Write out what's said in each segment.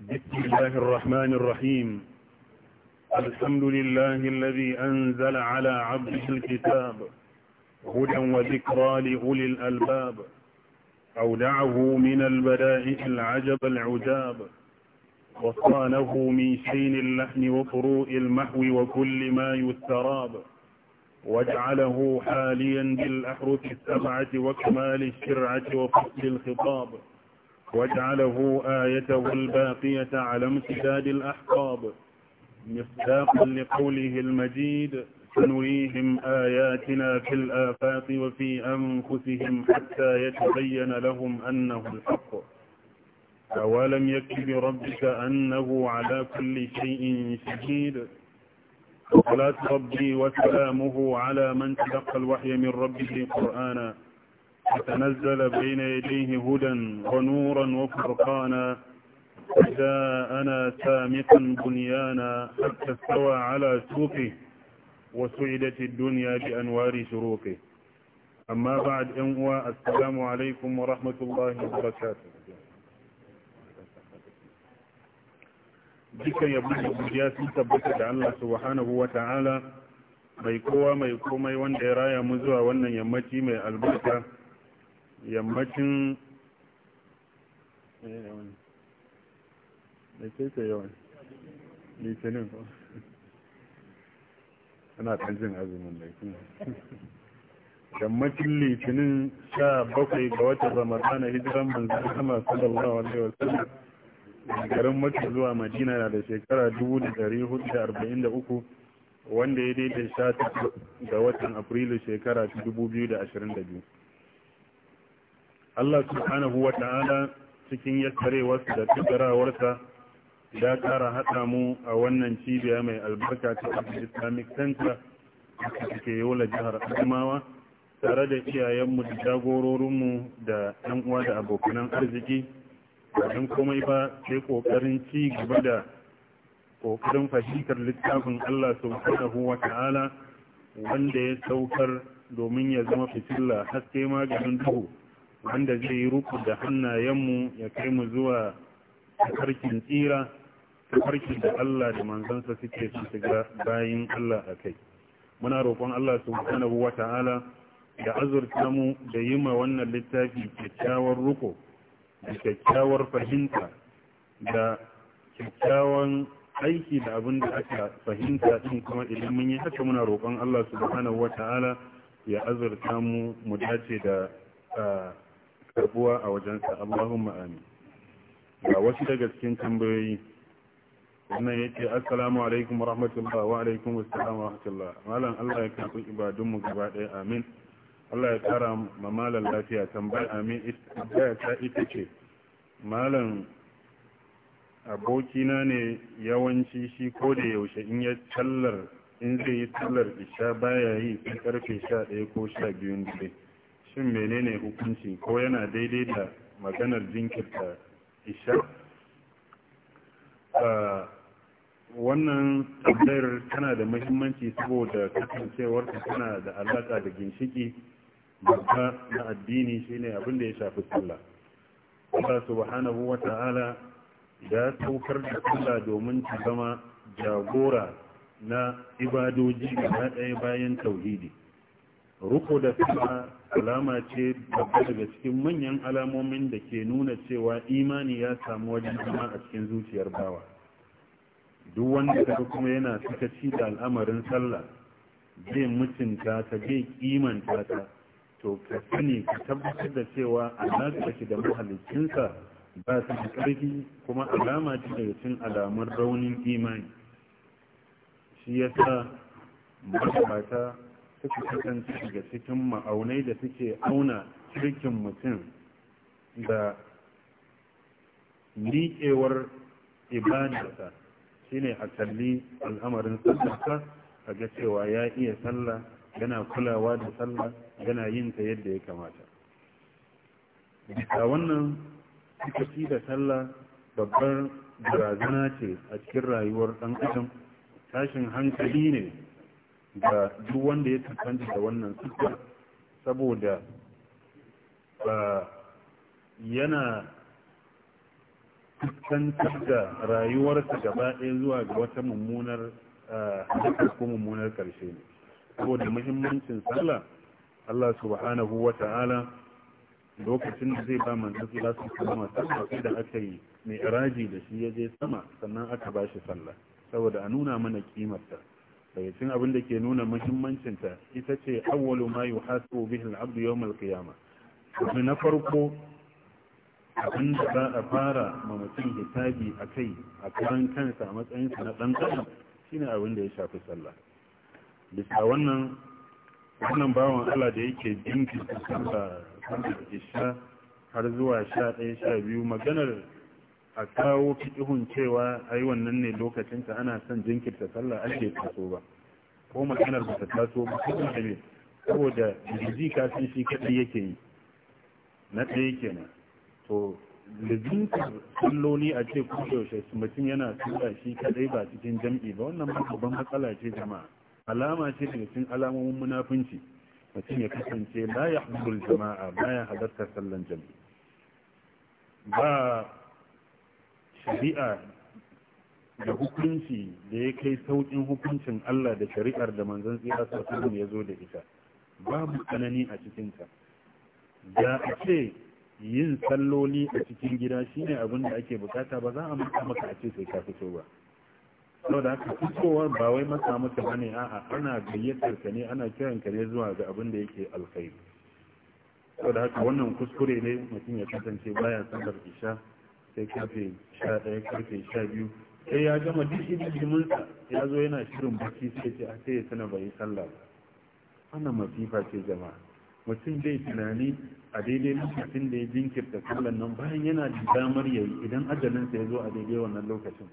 بسم الله الرحمن الرحيم الحمد لله الذي أنزل على عبده الكتاب هدى وذكرى لأولي الألباب أودعه من البدائع العجب العجاب وصانه من شين اللحن وطروء المحو وكل ما يستراب وجعله حاليا بالأحرف السبعة وكمال الشرعة وفصل الخطاب واجعله آيته الباقية على امتداد الأحقاب مصداقا لقوله المجيد سنريهم آياتنا في الآفاق وفي أنفسهم حتى يتبين لهم أنه الحق أولم يك بربك أنه على كل شيء شهيد صلاة ربي وسلامه على من تلقى الوحي من ربه قرآنا وتنزل بين يديه هدى ونورا وفرقانا جاءنا سامقا بنيانا حتى استوى على سوقه وسعدت الدنيا بأنوار شروقه أما بعد أنواء السلام عليكم ورحمة الله وبركاته dukan يا abuja sun tabbata da الله سبحانه وتعالى ta'ala mai kowa mai komai wanda ya raya mu zuwa wannan yammacin da ke ke yawan litinin ana ɗanjin azumin da ke yammacin litinin sha bakwai ga watan ramadana hijiran banzu da kama sallallahu alaihi wasallam garin mace zuwa madina na da shekara 443 wanda ya daidai sha ga watan afrilu shekara 2022 Allah subhanahu wa ta'ala cikin yattarewarsa da tattarawarsa ya ƙara haɗa mu a wannan cibiya mai albarka ta islamic center da take yola jihar adamawa tare da iyayenmu da jagororinmu da ɗan uwa da abokanan arziki don komai ba sai ƙoƙarin ci gaba da ƙoƙarin fahimtar littafin allah subhanahu wa ta'ala wanda ya saukar domin ya zama fitilla haske maganin duhu wanda zai yi ruku da hannayenmu ya kai mu zuwa tafarkin tsira tafarkin da Allah da manzansa suke su shiga bayin Allah a kai muna roƙon Allah subhanahu wa ta'ala ya azurta mu da yi ma wannan littafi kyakkyawar ruko da kyakkyawar fahimta da kyakkyawan aiki da abin da aka fahimta din kuma idan mun yi haka muna roƙon Allah subhanahu wa ta'ala ya azurta mu mu dace da ah, karbuwa a wajensa Allahumma amin ga wasu daga cikin tambayoyi wannan yake assalamu alaikum rahmatullah wa alaikum wa rahmatullah malam Allah ya kafin ibadun mu gaba ɗaya amin Allah ya kara ma malam lafiya tambaya amin Ita ta ita ce malam abokina ne yawanci shi ko da yaushe in ya tallar in zai yi tallar isha baya yi sai karfe ɗaya ko 12 dare shin menene hukunci ko yana daidai da maganar jinkirta isha ah, wannan tambayar tana da mahimmanci saboda kasancewar ta tana da alaƙa da ginshiki babba na addini shine abin da ya shafi sallah Allah subhanahu wa ta'ala ya saukar da sallah domin ta zama jagora na ibadoji gaba ɗaya bayan tauhidi ruko da sallah alama ce babba daga cikin manyan alamomin da ke nuna cewa imani ya samu wajen zama a cikin zuciyar bawa duk wanda kaga kuma yana sakaci da al'amarin sallah zai mutunta ta zai kimanta ta to ka sani ka tabbatar da cewa alaƙa ke da mahallicinsa ba su da ƙarfi kuma alama ce daga cikin alamun raunin imani shi yasa mata suka kasance daga cikin ma'aunai da suke auna shirkin mutum da liƙewar ibadarsa shine a kalli al'amarin sallarsa a ga cewa ya iya sallah yana kulawa da sallah yana yin ta yadda ya kamata a wannan sukaci da sallah babbar barazana ce a cikin rayuwar ɗan adam tashin hankali ne ga duk wanda ya tantance da wannan sukar saboda ba yana tantar da rayuwarsa gaba ɗaya zuwa ga wata mummunar hadakar ko mummunar ƙarshe ne saboda muhimmancin sallah Allah subhanahu wa ta'ala lokacin da zai ba su Allah sallallahu alaihi wasallam da aka yi mai iraji da shi ya je sama sannan aka ba shi sallah saboda a nuna mana kimarta daga eh, cikin abin da ke nuna muhimmancinta ita ce awwalu ma yuhasabu bihi al-'abdu yawm al-qiyamah abu na farko abin da za a fara ma mutum hisabi a kai a karan kansa a matsayinsa na ɗan adam shine abin da ya shafi sallah bisa wannan wannan bawan Allah da yake jinkirta sallah isha har zuwa sha ɗaya sha biyu maganar a kawo fiƙihun cewa ai wannan ne ta, ana son jinkirta sallah ake taso ba ko maganar ba ta taso ba ko da ne saboda jiji ka san shi kaɗai yake yi na ɗaya kenan to lizintar salloli a ce ko yaushe mutum yana tura shi kaɗai ba cikin jam'i ba wannan babban matsala ce jama'a alama ce daga cikin alamomin munafunci mutum ya kasance la ya jama'a baya halartar sallan jam'i ba shari'a da hukunci da ya kai saukin hukuncin Allah da shari'ar da manzon tsira sassan ya zo da ita babu tsanani a cikinta da a ce yin salloli a cikin gida shine abin da ake bukata ba za a maka maka a ce sai ka fito ba Sau da haka fitowa ba wai maka maka bane a'a ana gayyatar ka ne ana kiran ka ne zuwa ga abin da yake alkhairi da haka wannan kuskure ne mutum ya kasance baya sandar isha sai karfe sha ɗaya karfe sha biyu sai ya gama duk jiminsa. ya zo yana shirin baki sai ce a sai ya sana bai sallah ba Ana masifa ce jama'a mutum zai tunani a daidai lokacin da ya jinkirta sallan nan bayan yana da damar yayi idan ajalinsa ya zo a daidai wannan lokacin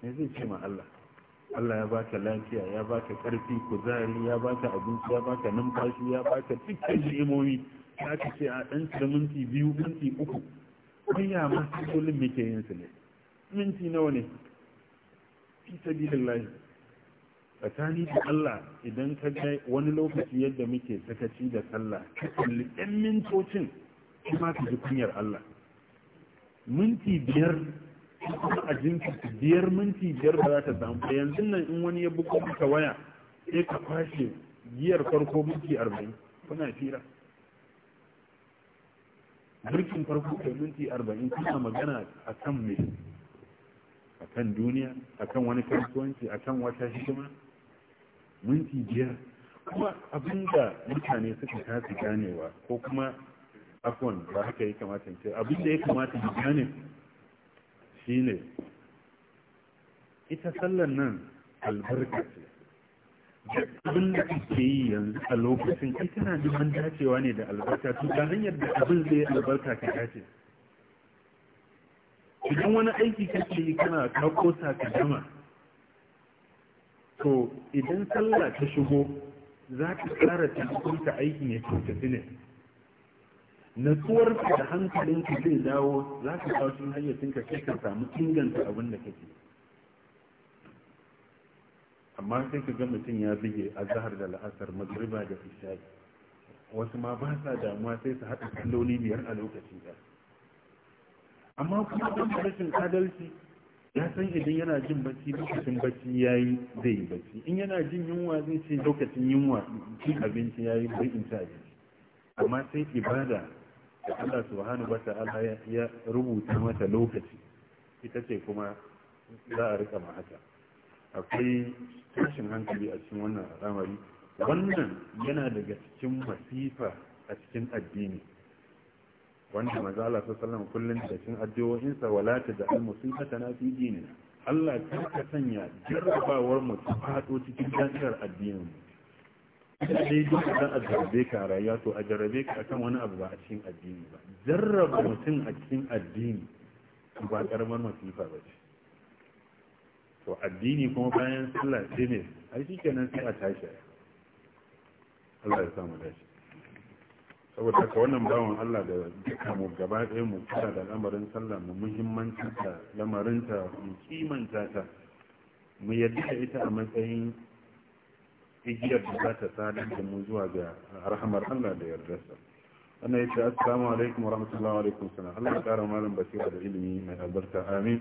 me zai ce ma Allah Allah ya baka lafiya ya baka karfi kuzari ya baka abinci ya baka numfashi ya baka dukkan ni'imomi ya ce a dan minti biyu minti uku masu kullum muke yin su ne minti nawa ne fi sabilillahi tsakani da Allah idan ka ga wani lokaci yadda muke sakaci da sallah ka mintocin kuma ka ji kunyar Allah minti biyar kuma a biyar minti biyar ba za ta samu yanzu nan in wani ya buko maka waya sai ka kwashe giyar farko minti arba'in kuna fira birkin farko kai minti arba'in kuna magana a kan me a kan duniya a kan wani kasuwanci a kan wata hikima minti biyar kuma abinda mutane suka kasi ganewa ko kuma afwan ba haka ya kamata ce abinda ya kamata mu gane shine ita sallan nan albarka ce abin da ake yi yanzu a lokacin ita tana neman dacewa ne da albarka to ta hanyar da abin zai albarka ka dace idan wani aiki kake yi kana ka sa ka dama. to idan sallah ta shigo za ka tsara ta aikin ya kyautatu ne natsuwarka da ka zai dawo za ka kawo cikin ka kai ka samu inganta abin da kake yi amma sai ka ga mutum ya bige a zahar da la'asar magriba da isha'i wasu ma ba sa damuwa sai su haɗa kalloli biyar a lokacin ɗaya amma kuma ɗan rashin adalci ya san idan yana jin bacci lokacin bacci ya yi zai yi bacci in yana jin yunwa zai ce lokacin yunwa cin abinci ya yi bai in ci abinci amma sai ibada da Allah subhanahu wa ta'ala ya rubuta mata lokaci ita ce kuma za a rika ma haka akwai tashin hankali a cikin wannan al'amari wannan yana daga cikin masifa a cikin addini wanda mazala Allah sallallahu kullum da cikin addu'o'insa wala da al-musibata na fi dinina Allah ta ka sanya jarrabawar mu ta fado cikin dangar addinin mu sai duk da a jarrabe ka rayuwa to a jarrabe ka akan wani abu ba a cikin addini ba jarraba mutum a cikin addini ba karamar masifa ba ce to addini kuma bayan sallah sai ne ai shi kenan sai a tashi Allah ya samu tashi saboda haka wannan bawan Allah da duka mu gaba ɗaya mu kula da lamarin sallah mu muhimmancin ta lamarin ta mu kimanta ta mu yadda da ita a matsayin igiyar da za ta sadar da mu zuwa ga rahamar Allah da yarda ana yi ta assalamu alaikum wa rahmatullahi wa alaikum salam Allah ya kara malam basira da ilimi mai albarka amin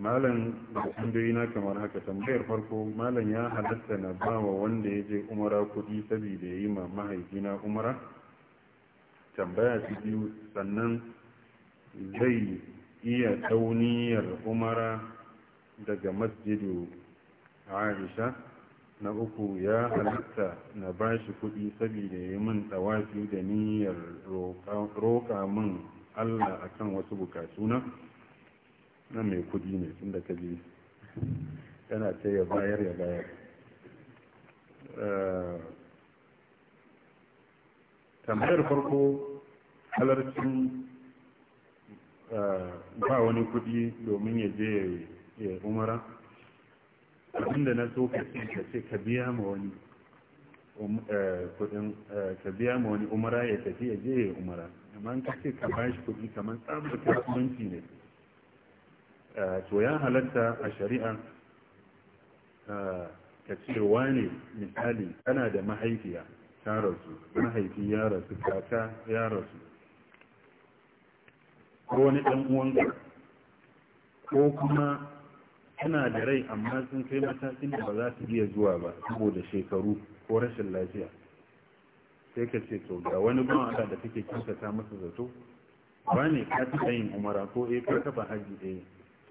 malam tambayi na kamar haka tambayar farko malam ya halatta na ba wa wanda ya je umara kuɗi saboda ya yi ma mahaifina umara tambaya ta biyu sannan zai iya tsauniyar umara daga masjidu aisha na uku ya halatta na ba shi kuɗi saboda ya yi min tsawafi da niyyar roƙa min allah akan wasu bukatuna nan mai kudi ne tun da ka ji yana ce ya bayar ya bayar eh, tambayar farko halarci eh, ba wani kudi domin ya je ya umara abinda na so ka ce ka biya ma wani um, eh, kudin ka biya ma wani umara ya tafi ya je ya umara amma ka ce ka bashi kudi kamar tsabar kasuwanci ne Eh, to ya halatta a shari'a eh, ka ce wane misali tana da mahaifiya ta rasu mahaifi ya rasu kaka ya rasu ko wani ɗan uwanka ko kuma tana da rai amma sun kai matakin da ba za su iya zuwa ba saboda shekaru ko rashin lafiya sai ka ce to ga wani ban Allah da take ta masa zato ba ne ka taɓa yin umara ko eh ka taɓa hajji eh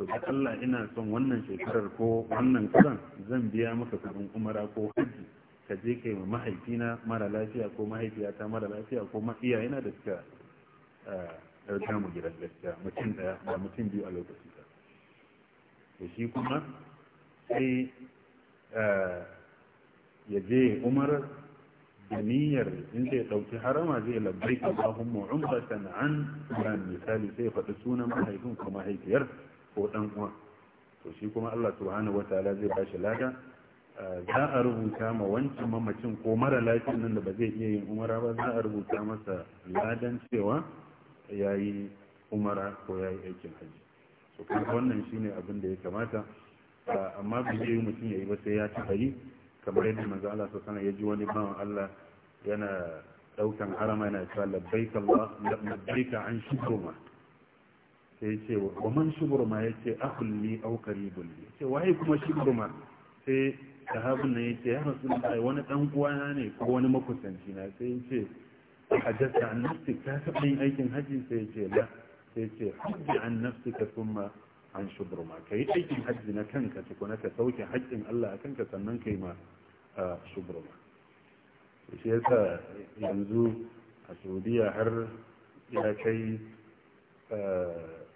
to Allah ina son wannan shekarar ko wannan kudan zan biya maka kudin umara ko hajji ka je kai ma mahaifina mara lafiya ko mahaifiyata mara lafiya ko ma iyayena da suka eh, ɗauka mu gidan gaskiya mutum ɗaya ba mutum biyu a lokaci ba to shi kuma sai eh, ya je umar da niyyar in zai ɗauki harama zai labbai ka ba hun sana'an ba misali sai ya faɗi sunan mahaifin ko mahaifiyar ko dan uwa to shi kuma Allah subhanahu wataala zai bashi lada za a rubuta ma wancan mamacin ko mara lafiyan nan da ba zai iya yin umara ba za a rubuta masa ladan cewa yayi umara ko yayi aikin haji to kuma wannan shine abin da ya kamata amma bai yi mutum yayi ba sai ya ci yi kamar yadda manzo Allah sallallahu alaihi ya ji wani bawan Allah yana daukan harama yana cewa labbaik Allah labbaik an shukuma sai ce wa shuburma ya ce akulli au karibun ya ce waye kuma shuburma sai sahabin nan ya ce ya rasu da wani dan uwana ne ko wani makusanci na sai ya ce hajjata an nafsi ka taɓa yin aikin hajji sai ya ce la sai ce hajji an nafsi ka ma an shuburma ka yi aikin hajji na kanka tukuna ka sauke haƙƙin Allah a kanka sannan ka yi ma shuburma shi sa yanzu a saudiya har ya kai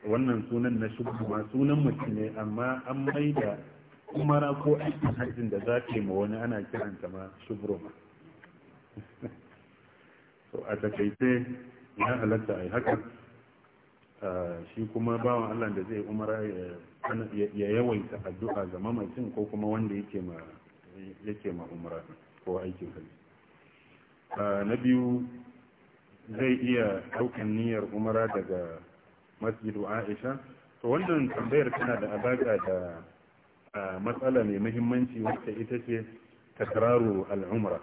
wannan sunan na shubhu ma sunan mutum ne amma an mai da umara ko aikin hajjin da za ma wani ana kiranta ma shubru ma so a takaice ya halatta a yi haka shi kuma bawan allah da zai umara ya yawaita addu'a ga mamacin ko kuma wanda yake ma umara ko aikin hajji na biyu zai iya ɗaukan niyyar umara daga masjidu aisha to wannan tambayar tana da alaƙa da matsala mai muhimmanci wacce ita ce takraru al'umra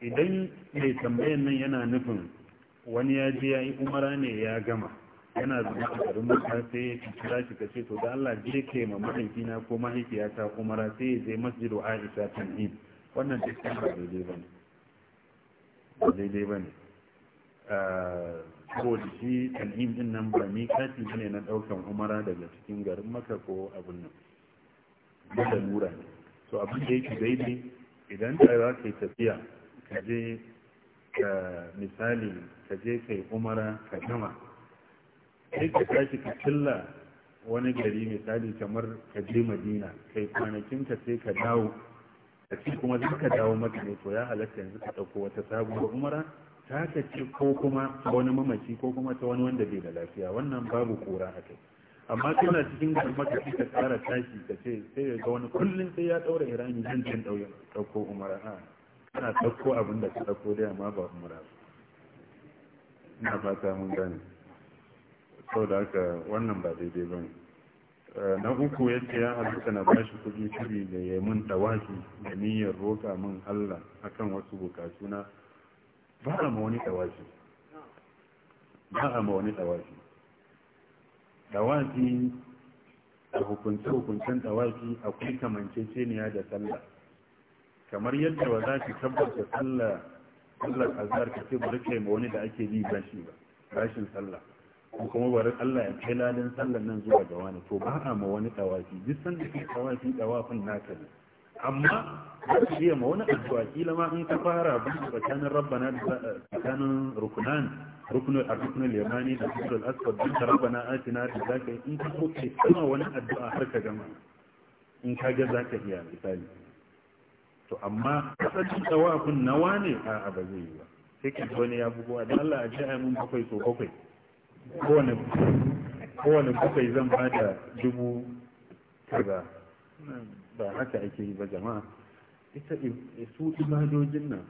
idan mai tambayar nan yana nufin wani ya je ya yi umara ne ya gama yana zama a garin mutane sai ya kira shi ka ce to da Allah je ke ma mahaifina ko mahaifiyata umara sai ya je masjidu aisha tan'im wannan duk ba daidai bane daidai ba saboda shi tan'im din nan ba mikati ne na daukan umara daga cikin garin maka ko abin nan ba da lura ne so abin da yake daidai idan ka za ka yi tafiya ka je ka misali ka je umara ka gama sai ka tashi ka killa wani gari misali kamar kaje madina kai kwanakin ka sai ka dawo da kuma za ka dawo maka ne to ya halatta yanzu ka ɗauko wata sabuwar umara ta ce ko kuma wani mamaci ko kuma ta wani wanda bai da lafiya wannan babu kora a kai amma tana cikin garma ka ka tsara tashi ka ce sai ya ga wani kullum sai ya ɗaura irani zan can dauko umara a ana dauko abin da ka dauko da amma ba umara ba ina fata mun gane sau da haka wannan ba daidai ba ne eh, na uku yadda ya halitta na bashi kuɗi shiri da ya mun dawaki da niyyar roƙa min Allah akan wasu na. ba a ma wani ɗawafi ba a ma wani ɗawafi ɗawafi a hukunce-hukuncen ɗawafi akwai kamanceceniya da sallah kamar yadda ba za ki tabbata sallah a ka ce bari kai ma wani da ake bi shi ba bashin sallah ko kuma bari Allah ya kai ladan sallar nan zuwa ga wani to ba a ma wani tawafi duk sanda ke naka amma za ma wani addu'a kila ma in ka fara bin tsakanin rabbana tsakanin rukunan rukunan arzikin limani da sunan asfad bin ta rabbana atina da za ka yi in ka so ke kuma wani addu'a har ka gama in ka ga za ka iya misali to amma kasashen tsawafin nawa ne a ba zai yi ba sai ka wani ya bugu a da Allah a ji a mun bakwai so bakwai kowane kowane bakwai zan bada dubu kaza ba haka ake yi ba jama'a ita su ibadojin nan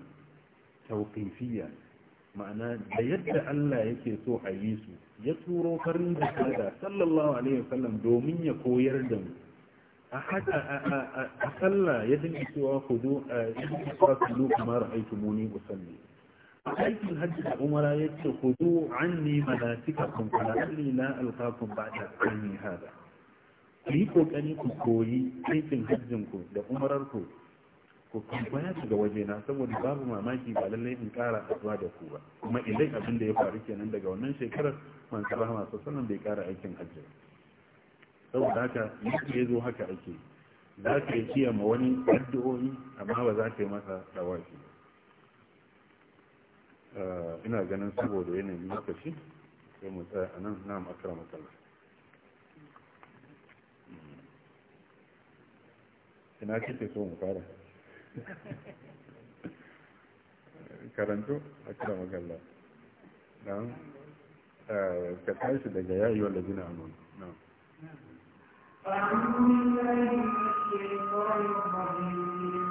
tauƙifiya ma'ana da yadda Allah yake so a yi su ya turo farin kada sallallahu alaihi wasallam domin ya koyar da mu a haka a sallah ya dinga cewa ku a yi kwasulu kamar aiki muni usalli a aikin hajji da umara ya ce ku zo an ne kun kala alli na alkafin ba da an yi hada ku yi ku koyi aikin hajjin da umarar ku kwaya su ga wajena saboda babu mamaki ba lallai in kara haɗuwa da ku ba kuma idan abin da ya faru kenan daga wannan shekarar masu rahama sallallahu bai kara aikin hajji saboda haka yake yazo haka ake za ka yi ma wani addu'o'i amma ba za ka yi masa dawafi eh, ina ganin saboda yanayin lokaci sai mu tsaya a nan na makara matsala ina kike so mu fara كرنتو أكرمك الله نعم آه، كتعيش دقاء يا أيها الذين نعم أعوذ بالله من الشيطان الرجيم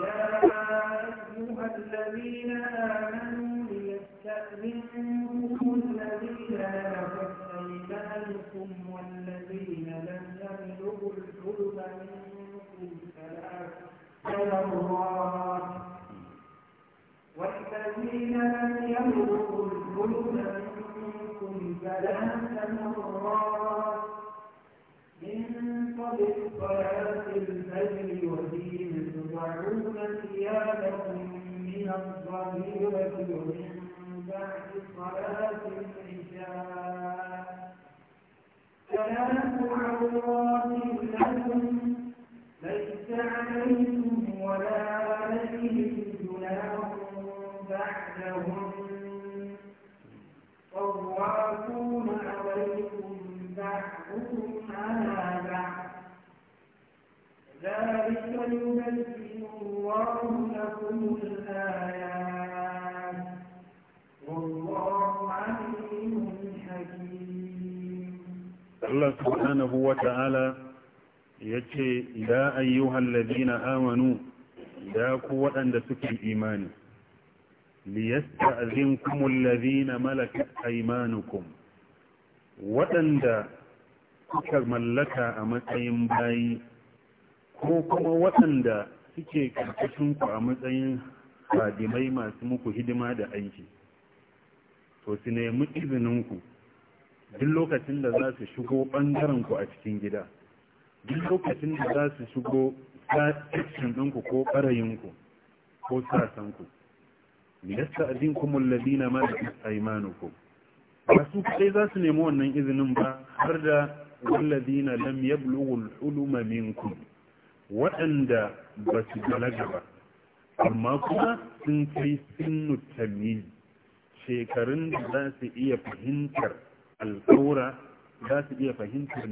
يا أيها الذين آمنوا ليستأذنكم الذين لم يكن والذين إلى الله والذين لم يملكوا الخلود منكم ثلاث مرات من قبل صلاة الفجر وحين تضعون ثيابكم من الظهيرة ومن بعد صلاة العشاء ثلاث عورات لكم ليس عليكم ولا عليهم جناح بعدهم طوافون عليكم بعضهم على بعض ذلك يبين الله لكم الآيات والله عليم حكيم الله سبحانه وتعالى يتي يا أيها الذين آمنوا da ku waɗanda suke imani liyasta'zinkum alladhina malakat aymanukum waɗanda suka mallaka a matsayin bayi ko kuma waɗanda suke karkashin ku a matsayin hadimai masu muku hidima da aiki to su nemi izinin ku duk lokacin da za su shigo ɓangaren ku a cikin gida duk lokacin da za su shigo cikin ɗinku ko ɓarayinku ko sasanku yasta azin kumul ladina malakat aymanukum ba su kaɗai za su nemi wannan izinin ba har da na lam ya uluma ulumaminku waɗanda ba su balaga ba amma kuma sun kai sinnu tamil shekarun da za su iya fahimtar alƙawura za su iya fahimtar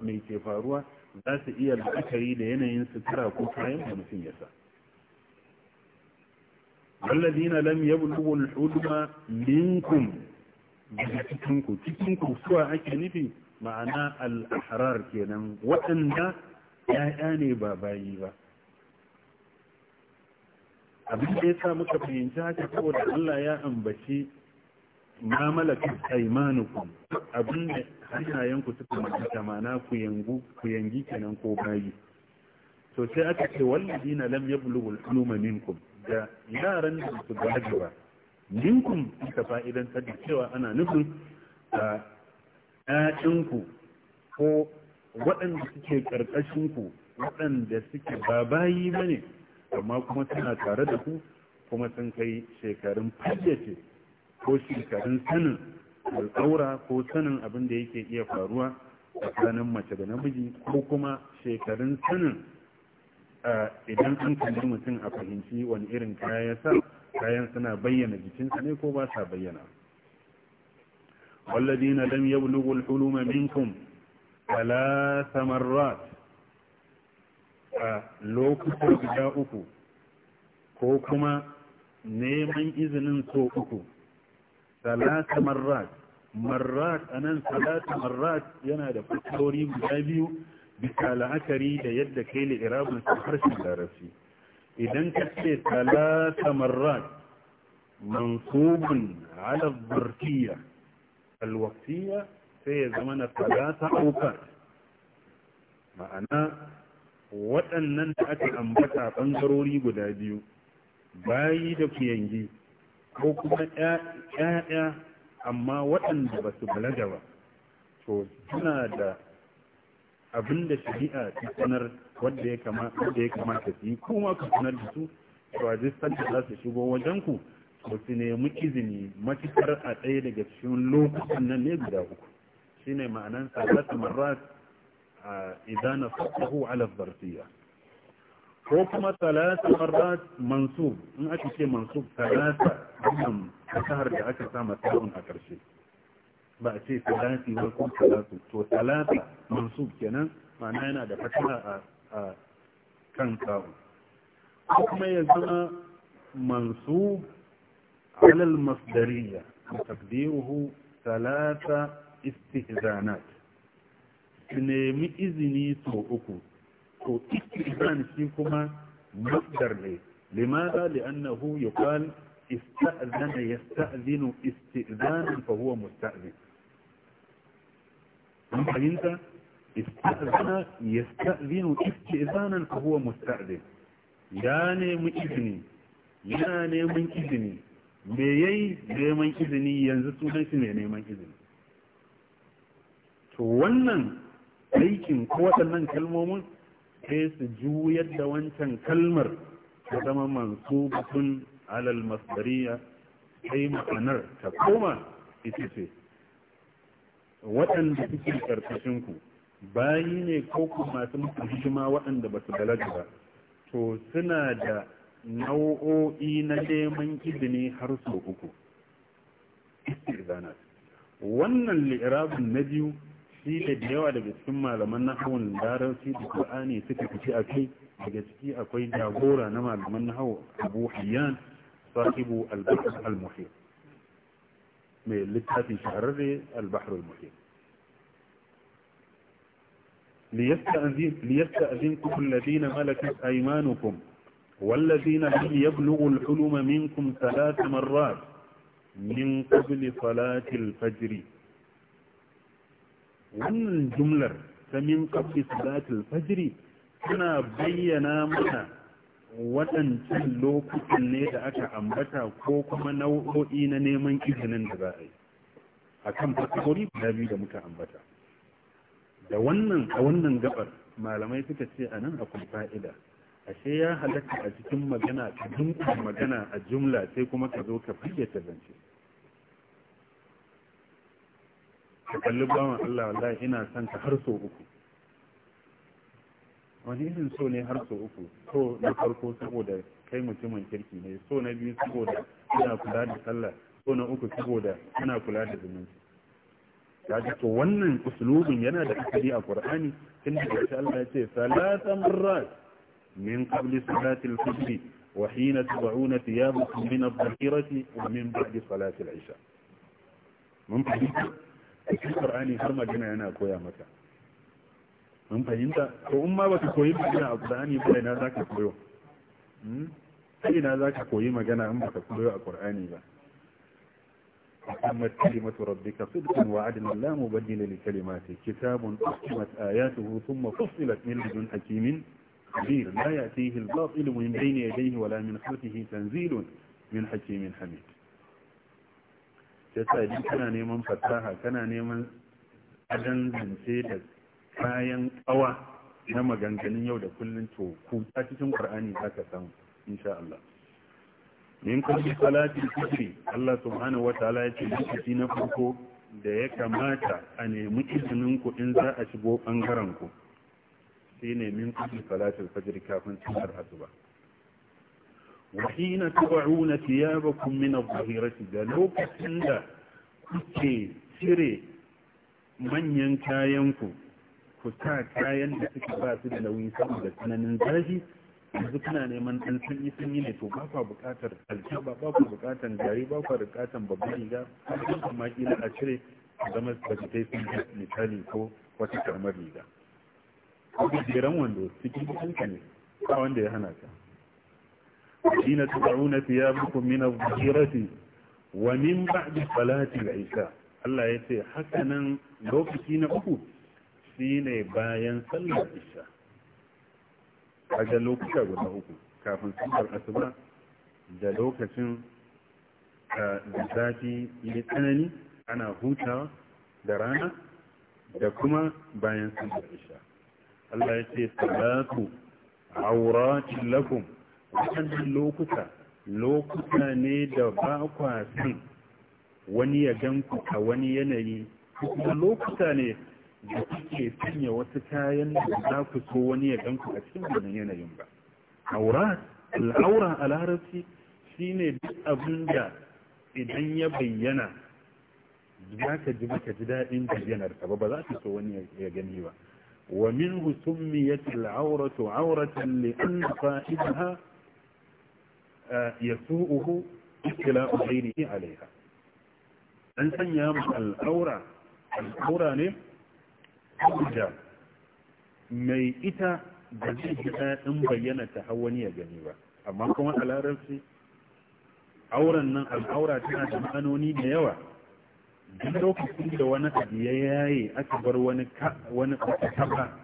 mai ke faruwa za su iya la'akari da yanayin sutura ko kayan da mutum ya sa wallazina lam bulu wani hudma minkum daga cikinku cikinku suwa ake nufi ma'ana al'ahrar ke kenan waɗanda ya'ya ne ba bayi ba abin da ya sa muka fahimci haka saboda Allah ya ambaci ma malaka aymanukum abin da hannayenku suka mallaka mana ku yangu ku yangi kenan ko bayi to sai aka ce walladina lam yablughu al ulum minkum da yaran da su gaji ba minkum ita fa'idan ta cewa ana nufin a ya'yanku ko waɗanda suke ku waɗanda suke ba bayi bane amma kuma suna tare da ku kuma sun kai shekarun fayyace ko shekarun sanin alƙaura ko sanin abin da yake iya faruwa tsakanin mace da namiji ko kuma shekarun sanin idan an kalli mutum a fahimci wani irin kaya sa kayan suna bayyana jikinsa ne ko ba sa bayyana والذين لم يبلغوا الحلم منكم ثلاث a lokuta guda uku ko kuma neman izinin so uku salata marrat marrat anan salata marrat yana da fassarori guda biyu bisa la'akari da yadda kai li'irabin su harshen larabci idan ka ce salata marrat mansubun ala burkiya alwaktiya sai ya zama na salata aukar ma'ana waɗannan da aka ambata ɓangarori guda biyu bayi da kuyangi ko kuma ƴaƴa amma waɗanda ba su balaga ba to suna da abin da shari'a ta sanar wanda ya kamata su yi kuma ka sanar da su to a distance za su shigo wajen ku to su nemi izini matukar a ɗaya daga cikin lokutan nan ne guda uku shine ma'anan salatu a idza nasahu ala dharfiyya ko kuma talata marrat mansub in aka ce mansub talata wannan kasar da aka sa masarun a ƙarshe ba a ce talati ba ko talatu to talata mansub kenan mana yana da fatara a kan kawo ko kuma ya zama mansub alal masdariya taqdiruhu talata istihzanat nemi izini to uku to istizan shi kuma masdar ne limaza li'annahu yuqal ista'zana yasta'zinu istizanan fa huwa musta'zin an fahimta ista'zana yasta'zinu istizanan fa huwa musta'zin ya nemi izini yana neman izini me yayi neman izini yanzu sunan shi ne neman izini to wannan aikin ko waɗannan kalmomin sai su juyar da wancan kalmar ta zama mansubatun alal masdariya sai ma'anar ta koma ita ce waɗanda suke ƙarƙashin ku bayi ne ko ku masu ma waɗanda ba su balaga ba to suna da nau'o'i na neman izini har sau uku wannan li'irabin na biyu shi da yawa daga cikin malaman nahawun larabci da qur'ani suka fice a kai daga ciki akwai jagora na malaman nahawu abu hayyan sahibu al-bahr al-muhit mai littafi shahararre al-bahr al-muhit ليستأذنكم الذين ملكت أيمانكم والذين لم يبلغوا الحلم منكم ثلاث مرات من قبل صلاة الفجر wannan jumlar ta min qabli salatul fajr tana bayyana mana waɗancan lokutan ne da aka ambata ko kuma nau'o'i na neman izinin da za a yi a kan fasahori guda biyu da muka ambata da wannan a wannan gabar malamai suka ce a nan akwai fa'ida ashe ya halatta a cikin magana ka dunkul magana a jumla sai kuma ka zo ka fayyace zance ka kalli bawan Allah wallahi ina son ka har so uku wani irin so ne har so uku so na farko saboda kai mutumin kirki ne so na biyu saboda ina kula da sallah so na uku saboda ina kula da zumunci ya ji to wannan uslubin yana da asali a qur'ani da ya Allah ya ce salatan marrat min qabli salati al-fajr wa hina tad'una thiyabakum min adh-dhahirati wa min ba'di salati al-isha mun fahimta cikin qur'ani har magana yana koya maka an fahimta to umma ba baka koyi magana a qur'ani ba ina za ka koyo ta ina zaka koyi magana in baka koyo a qur'ani ba محمد كلمة ربك صدقا وعدنا لا مبدل لكلماته كتاب أحكمت آياته ثم فصلت من لدن حكيم خبير لا يأتيه الباطل من بين يديه ولا من خلفه تنزيل من حكيم حميد ya sa kana neman fasaha kana neman adan zance da kayan ƙawa na maganganun yau da kullum to ku cikin ƙur'ani za ka samu insha Allah min kulli salati fitri Allah subhanahu ta'ala ya ce lokaci na farko da ya kamata a nemi izinin ku in za a shigo bangaren ku shine min kulli salatin fajr kafin sallar asuba وحين تضعون ثيابكم من الظهيرة da lokacin da kuke cire manyan kayanku ku sa kayan da suke ba su da nauyi saboda tsananin zafi yanzu kuna neman ɗan sanyi sanyi ne to ba kwa buƙatar alkaba ba kwa buƙatar gari ba kwa buƙatar babban riga kuma kuma kila a cire zama bajitai sun yi misali ko wata karamar riga. Kujeran wando cikin kanka ne, ba wanda ya hana ka. حين تدعون ثيابكم من الظهيرة ومن بعد صلاة العشاء الله يتي حسنا لو كنا أكو سيني باين صلى العشاء هذا لو كنا أكو كافن صلى الأسباء da lokacin da zafi yi tsanani ana hutawa da rana da kuma bayan sun da isha Allah ya ce salatu auratin lakum waɗannan lokuta lokuta ne da ba kwa san wani ya ganku a wani yanayi kuma lokuta ne da kuke sanya wasu kayan da za ku so wani ya ganku a cikin wannan yanayin ba aura al'aura a larabci shine duk abin da idan ya bayyana za ka ji maka ji daɗin bayyanar ka ba za ka so wani ya gani ba wa minhu summiyat al'auratu auratan li fa'idaha yasu'uhu ittila'u ghairihi alaiha an sanya mu al'aura al'aura ne hujja mai ita ba zai ji daɗin bayyana ta wani ya gani ba amma kuma a larabci auren nan al'aura tana da ma'anoni da yawa duk lokacin da wani abu ya yaye aka bar wani wani taba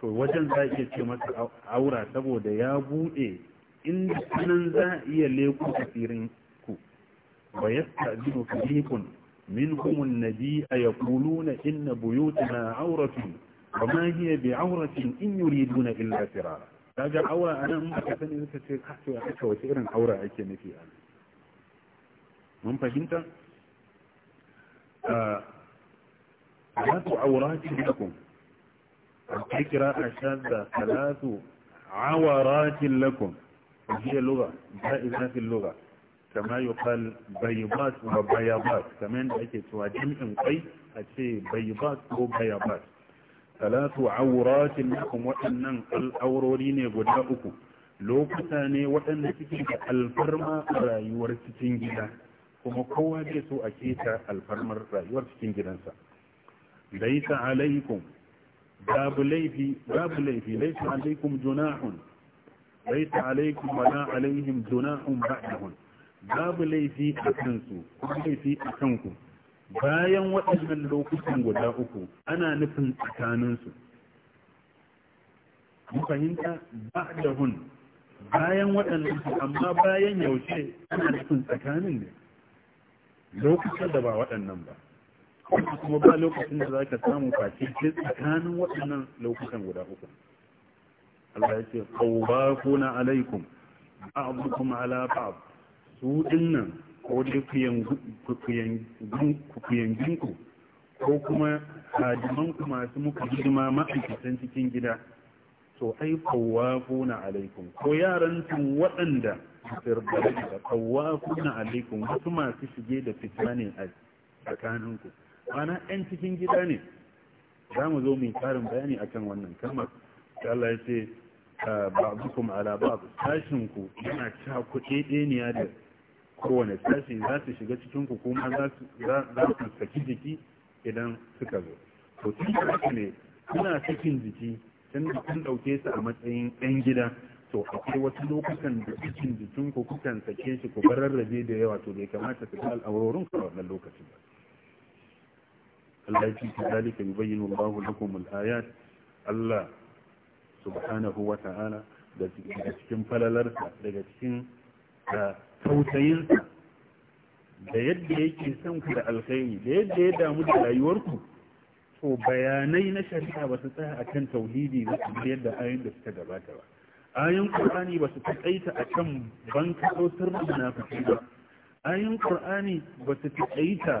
to wajen za iya ce masa aura saboda ya buɗe inda nan za a iya leko a ku wa yasta'dinu kalikun منهم النبي يقولون إن بيوتنا عورة وما هي بعورة إن يريدون إلا فرارا kaga aura a nan aka sani suka ce kasu a aka wace irin aura ake nufi a mun fahimta ah, salatu auratin lakum a kira a shadda salatu وهي لغة جائزة في اللغة كما يقال بيضات وبياضات كمان أكيد جمع قي أشي بيضات وبياضات ثلاث عورات لكم وأن الأورورين غداؤكم lokuta ne waɗanda suke alfarma a rayuwar cikin gida kuma kowa zai so a keta alfarmar rayuwar cikin gidansa laisa alaikum babu laifi laifi alaikum laisa alaikum wala alaihim junahum ba'dahum babu laifi a kansu ko laifi a kanku bayan waɗannan lokutan guda uku ana nufin tsakaninsu mu fahimta ba'dahum bayan waɗannan su. amma bayan yaushe ana nufin tsakanin ne lokacin da ba waɗannan ba kuma ba lokacin da za ka samu face tsakanin waɗannan lokutan guda uku Allah ya ce na alaikum ba'dukum ala ba'd su dinnan ko dai ku ko kuma hadimanku masu muka hidima ma'aikatan cikin gida to ai na alaikum ko yaran waɗanda waɗanda sirbar da na alaikum wasu masu shige da fita ne a tsakaninku ana 'yan cikin gida ne za mu zo mai karin bayani akan wannan kalmar Allah ya ce ah, ba'dukum ala ba'd sashin ku yana ta ne ɗeniya da kowane sashi za su shiga cikin ku kuma za su saki jiki idan suka zo to tun da ne kuna sakin jiki can da kun ɗauke su a matsayin ɗan gida to akwai wasu lokutan da cikin jikin kukan sake shi ku rarrabe da yawa to bai kamata su ga al'aurorin ku a wannan lokacin ba Allah ya ce zalika yubayyinu Allahu lakum al-ayat Allah subhanahu wa ta'ala daga cikin falalarsa daga cikin ah, tausayinsa da yadda yake son ku da alkhairi da yadda ya damu da rayuwarku to bayanai na shari'a ba su tsaya a kan tauhidi ba su yadda ayoyin da suka gabata ba ayoyin qur'ani ba su taƙaita a kan banka sautar munafiki ba ayoyin qur'ani ba su taƙaita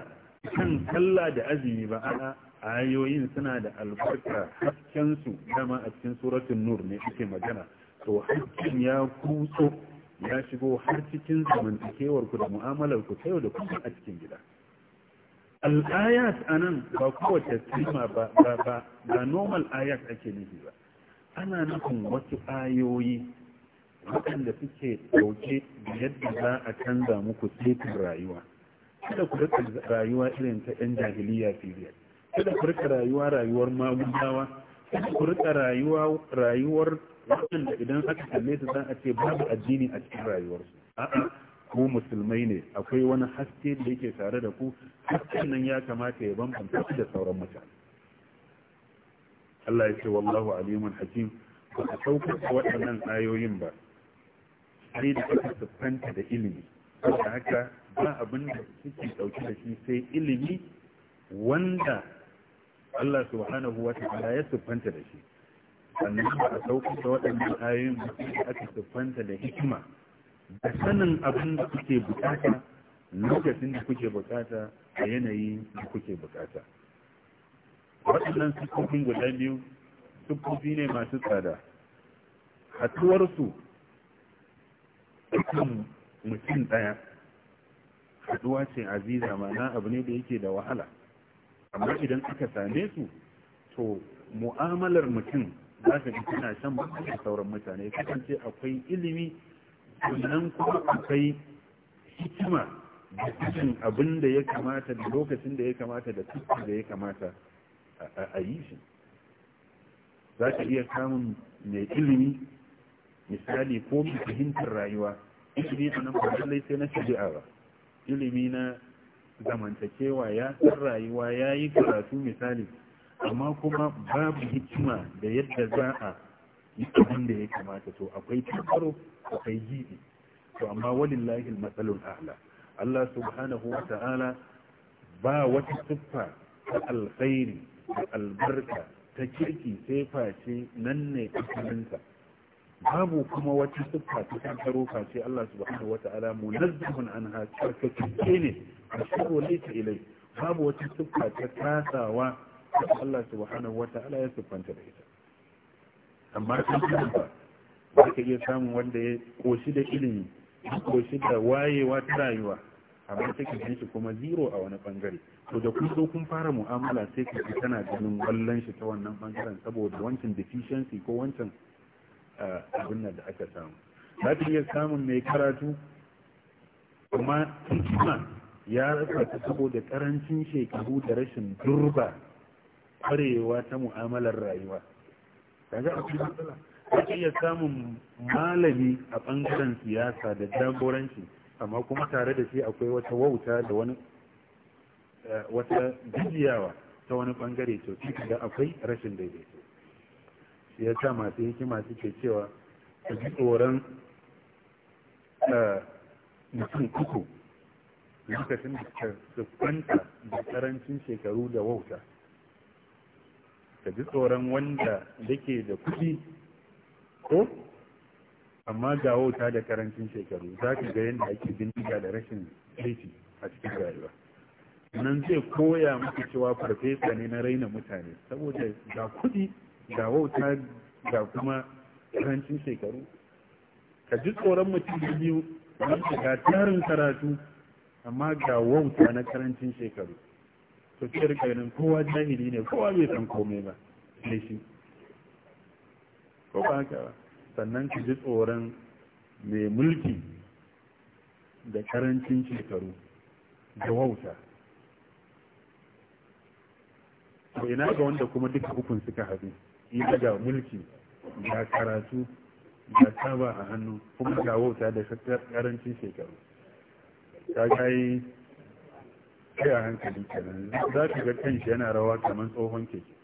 kan kalla da azumi ba a'a ayoyin suna da albarka haskensu dama a cikin suratun nur ne ake magana to hasken ya kuso ya shigo har cikin ku da mu'amalar ta yau da kuma a cikin gida al'ayat a nan ba kowace tsima ba ba ba normal ayat ake nufi ba ana nufin wasu ayoyi waɗanda suke ɗauke da yadda za a canza muku setin rayuwa kada ku rika rayuwa irin ta 'yan jahiliya period kada ku rika rayuwa rayuwar magudawa kada ku rika rayuwa rayuwar waɗanda idan aka kalle su za a ce babu addini a cikin rayuwarsu a'a ku musulmai ne akwai wani haske da yake tare da ku hasken nan ya kamata ya bambanta da sauran mutane Allah ya ce wallahu alimun hakim ba a saukar da waɗannan ayoyin ba sai da aka siffanta da ilimi da haka ba abin da suke da shi sai ilimi wanda Allah subhanahu wa ta'ala ya siffanta da shi sannan ba a sauƙi da waɗannan ayoyin da aka siffanta da hikima da sanin abin da kuke bukata lokacin da kuke bukata a yanayi da kuke bukata waɗannan siffofin guda biyu siffofi ne masu tsada haɗuwarsu kan mutum ɗaya haɗuwa ce aziza mana abu ne da yake da wahala amma idan aka same su to mu'amalar mutum za ka ji tana shan da sauran mutane kasance akwai ilimi sannan kuma akwai hikima da cikin abin da ya kamata da lokacin da ya kamata da cikin da ya kamata a yi shi za ka iya samun mai ilimi misali ko mai fahimtar rayuwa ilimi a nan ba lallai sai na shari'a ba ilimi na zamantakewa ya san rayuwa ya yi karatu misali amma kuma babu hikima da yadda za a yi abin da ya kamata to akwai tabbaro akwai jibi to amma walillahi matsalun a'la Allah subhanahu wa ta'ala ba wata siffa ta alkhairi da albarka ta kirki sai face nan ne asalinsa babu kuma wata siffa ta kankaro face Allah subhanahu wata'ala munazzahun anha tsarkakeke ne a shiro laita ilai babu wata siffa ta kasawa ta Allah subhanahu wata'ala ya siffanta da ita amma kan ba ba ka iya samun wanda ya koshi da ilimi ya koshi da wayewa ta rayuwa amma take ganin shi kuma zero a wani bangare to da kun zo kun fara mu'amala sai ka ji tana ganin wallan shi ta wannan bangaren saboda wancan deficiency ko wancan abin da aka samu za ta iya samun mai karatu kuma hikima ya rasa ta saboda karancin shekaru da rashin durba kwarewa ta mu'amalar rayuwa daga matsala za ta iya samun malami a ɓangaren siyasa da jagoranci amma kuma tare da shi akwai wata wauta da wani eh, wata jijiyawa ta wani ɓangare to da akwai rashin daidaito shi ya sa masu hikima suke cewa su ji tsoron eh, mutum uku lokacin da su kwanta da karancin shekaru da wauta ka ji tsoron wanda dake da kuɗi ko amma ga wauta da karancin shekaru za ka ga yadda ake bindiga da rashin aiki a cikin rayuwa nan zai koya maka cewa farfesa ne na raina mutane saboda ga kuɗi ga wauta ga kuma karancin shekaru ka ji tsoron mutum biyu wanda ga tarin karatu amma ga wauta na karancin shekaru to ke rika ganin kowa jahili ne kowa bai san komai ba ne shi ko ba haka sannan ka ji tsoron mai mulki da karancin shekaru da wauta to ina ga wanda kuma duka hukun suka haɗu ita ga mulki ga karatu ga saba a hannu kuma ga wauta da karancin shekaru ta gayi kai a hankali kenan za ka ga kanshi yana rawa kamar tsohon keke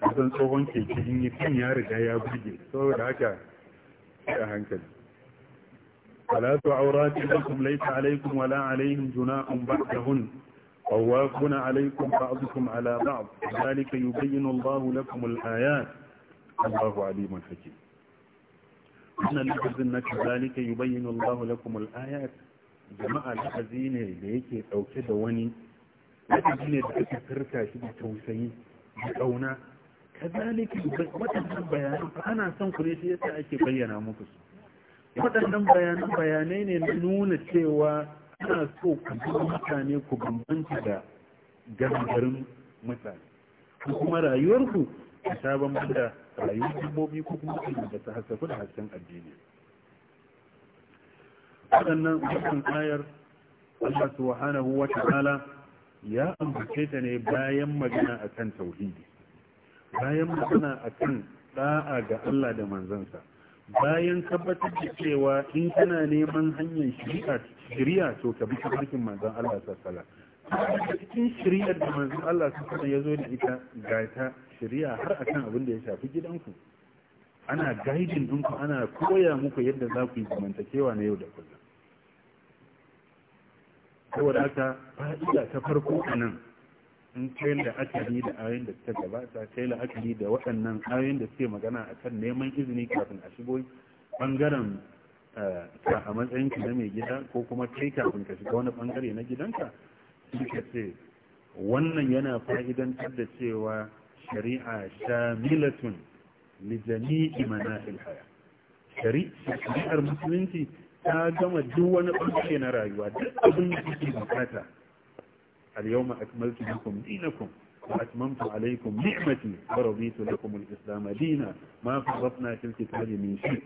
kasan tsohon keke in yi kan yari da ya buge saboda haka kai a hankali salatu تعوراتكم ليس عليكم ولا عليهم جناح بعدهن خوافنا عليكم بعضكم على بعض ذلك يبين الله لكم الآيات الله عليم الحكيم wannan lafazin na kazalika yi bayyana Allah lakum al jama'a lafazi ne da yake dauke da wani lafazi ne da aka karta shi da tausayi da kauna kazalika wadannan bayanan ba ana son ku ne shi yasa ake bayyana muku su wadannan bayanan bayanai ne nuna cewa ana so ku mutane ku bambanta da gangarin mutane ko kuma rayuwarku ta ta banda rayuwar dabbobi ko kuma da ta hasafu da hasken addini waɗannan wannan ayar Allah subhanahu wa ta'ala ya ambace ta ne bayan magana akan tauhidi bayan magana akan da'a ga Allah da manzansa bayan tabbatar da cewa in kana neman hanyar shari'a to ka bi harkin manzon Allah sallallahu alaihi cikin shari'ar da manzon Allah sallallahu ya zo da ita ga ta shari'a har akan abin da ya shafi gidanku ana gaidin dinku ana koya muku yadda za ku yi zamantakewa na yau da kullum saboda haka fa'ida ta farko a nan in kai la'akari da ayoyin da suka gabata kai la'akari da waɗannan ayoyin da suke magana a kan neman izini kafin a shigo ɓangaren ka eh, a matsayin ki na mai gida ko kuma kai kafin ka shiga wani ɓangare na gidanka suka ce wannan yana fa'idantar da cewa shari'a shamilatun li jami'i manahil haya shari'ar musulunci ta gama duk wani ɓangare na rayuwa duk abin da kake bukata al-yawma akmaltu lakum dinakum وأتممت عليكم نعمتي ورضيت لكم الإسلام دينا ما فرطنا في الكتاب من شيء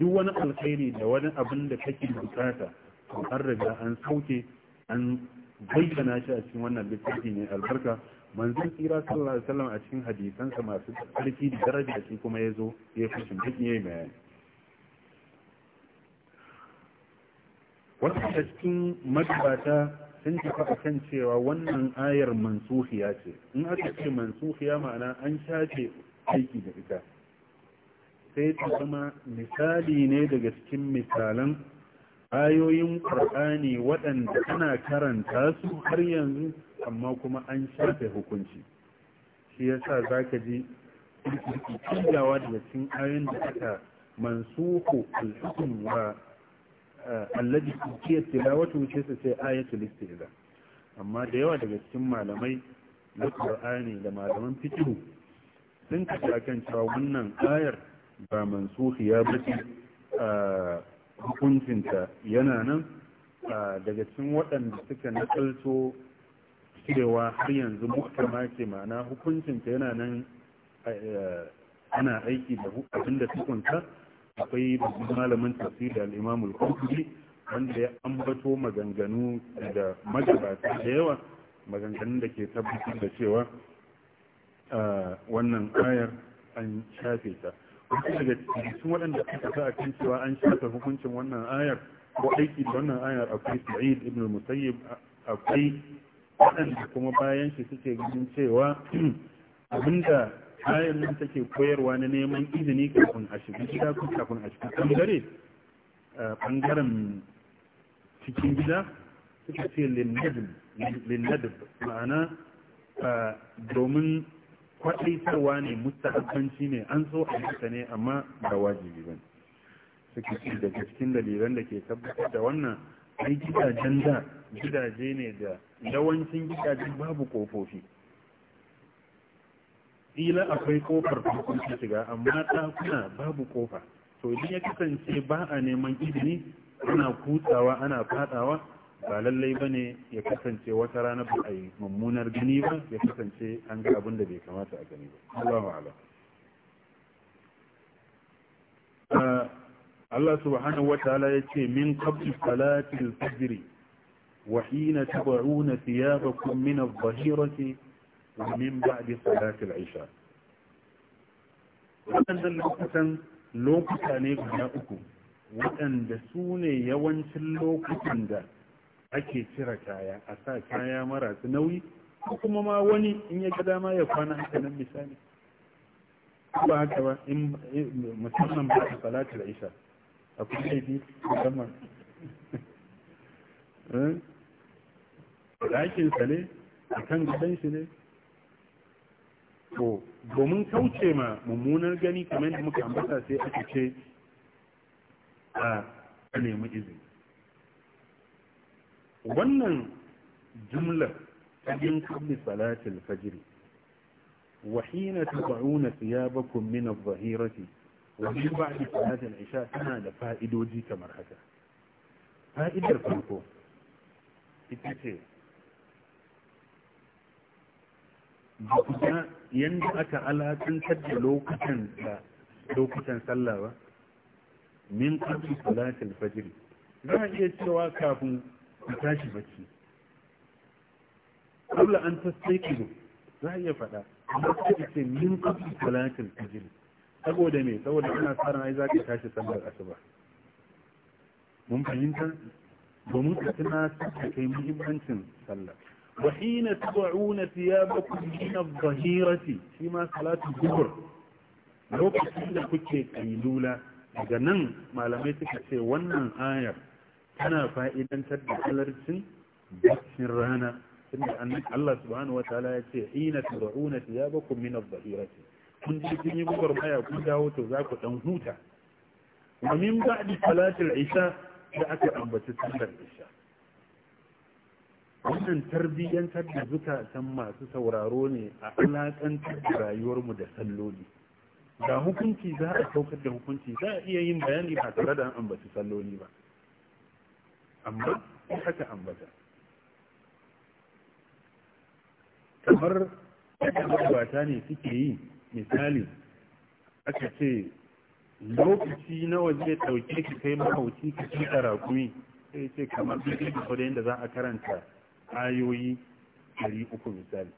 duk wani alkhairi da wani abin da kake bukata to an riga an sauke an bayyana shi a cikin wannan littafi ne albarka manzon tsira sallallahu alaihi wasallam a cikin hadisansa masu tsarki da daraja shi kuma ya zo ya fi shimfiɗi ya yi bayani wasu a cikin magabata sun tafi a kan cewa wannan ayar mansuhiya ce in aka ce mansuhiya ma'ana an shafe aiki da ita sai ta zama misali ne daga cikin misalan ayoyin ƙar'ani waɗanda ana karanta su har yanzu amma kuma an shafe hukunci shi sa za ka ji ƙirƙirƙi daga cikin ayoyin da aka mansuhu alhukum wa allaji kiyar tilawatu ce su sai ayatul istiza amma da yawa daga cikin malamai na qur'ani da malaman fiqh sun kace kan cewa wannan ayar ba mansuhiya bace ta yana nan daga cikin waɗanda suka nakalto cewa har yanzu mu'tama ce ma'ana hukuncinta yana nan ana aiki da abinda tukunta akwai babban malamin tafsiri al-Imam al-Qurtubi wanda ya ambato maganganu da magabata da yawa maganganun da ke tabbatar da cewa wannan ayar an shafe ta wasu daga cikin waɗanda suka sa a kan cewa an shafe hukuncin wannan ayar ko aiki da wannan ayar akwai sa'id ibn musayyib akwai waɗanda kuma bayan shi suke ganin cewa abinda ayar nan take koyarwa na neman izini kafin a shiga gida ko kafin a shiga bangare bangaren eh, cikin gida suka ce linnadab ma'ana eh, domin kwaɗaitarwa ne mustahabanci ne an so a yi ne amma ba wajibi ba suka ce daga cikin dalilan da ke tabbatar da wannan ai gidajen da gidaje ne da yawancin gidajen babu kofofi kila akwai kofar farkon ta shiga amma ta kuna babu kofa to idan ya kasance ba a neman izini ana kutsawa ana fadawa ba lallai ba ne ya kasance wata rana ba a yi mummunar gani ba ya kasance an ga abin da bai kamata a gani ba Allahu ala ah, Allah subhanahu wataala yace min qabli salati al-fajr wa hina tab'una thiyabakum min adh-dhahirati min ba'di salatil waɗannan lokutan lokuta ne guda uku waɗanda su ne yawancin lokacin da ake cira kaya a sa kaya marasu nauyi ko kuma ma wani in ya ga dama ya kwana haka nan misali ba haka ba musamman ba a salatul isha a kuma laifi musamman eh? ɗakin sa ne a kan gaban shi ne to domin kauce ma mummunar gani kamar da muka ambata sai aka ce a nemi izini wannan jumlar salatul yin wa hina fajiri وحين min adh-dhahirati wa min ba'di salatil Isha tana da fa'idoji kamar haka fa'idar farko ita ce da kuma yadda aka alaƙantar da lokutan da lokutan sallah ba min qabli salatil fajr za a iya cewa kafin ku tashi bacci Kabla an tastaqilu za a iya faɗa amma sai ce min qabli salatil fajr saboda me saboda ina fara ai za ka tashi sallar asuba mun fahimta domin ka tuna da kai muhimmancin sallah وحين تضعون ثيابكم من الظهيرة فيما صلاة الظهر lokacin da kuke kailula daga nan malamai suka ce wannan ayar tana fa'idantar da halarcin baccin rana tunda annabi Allah subhanahu wataala ya ce hina tad'una thiyabakum min adh-dhahirati kun ji kun yi gubar maya kun dawo to za ku dan huta wa min ba'di salati isha da aka ambaci sallar isha wannan tarbiyyantar da zukatan masu sauraro ne a alaƙantar da rayuwarmu da salloli da hukunci za a saukar da hukunci za a iya yin bayani ba tare da an ambaci salloli ba amma in haka ambata kamar yadda magabata ne suke yi misali aka ce lokaci nawa zai ɗauke ka kai mahauci ka ce a rakumi sai ce kamar bai da yadda za a karanta ayoyi ɗari uku misali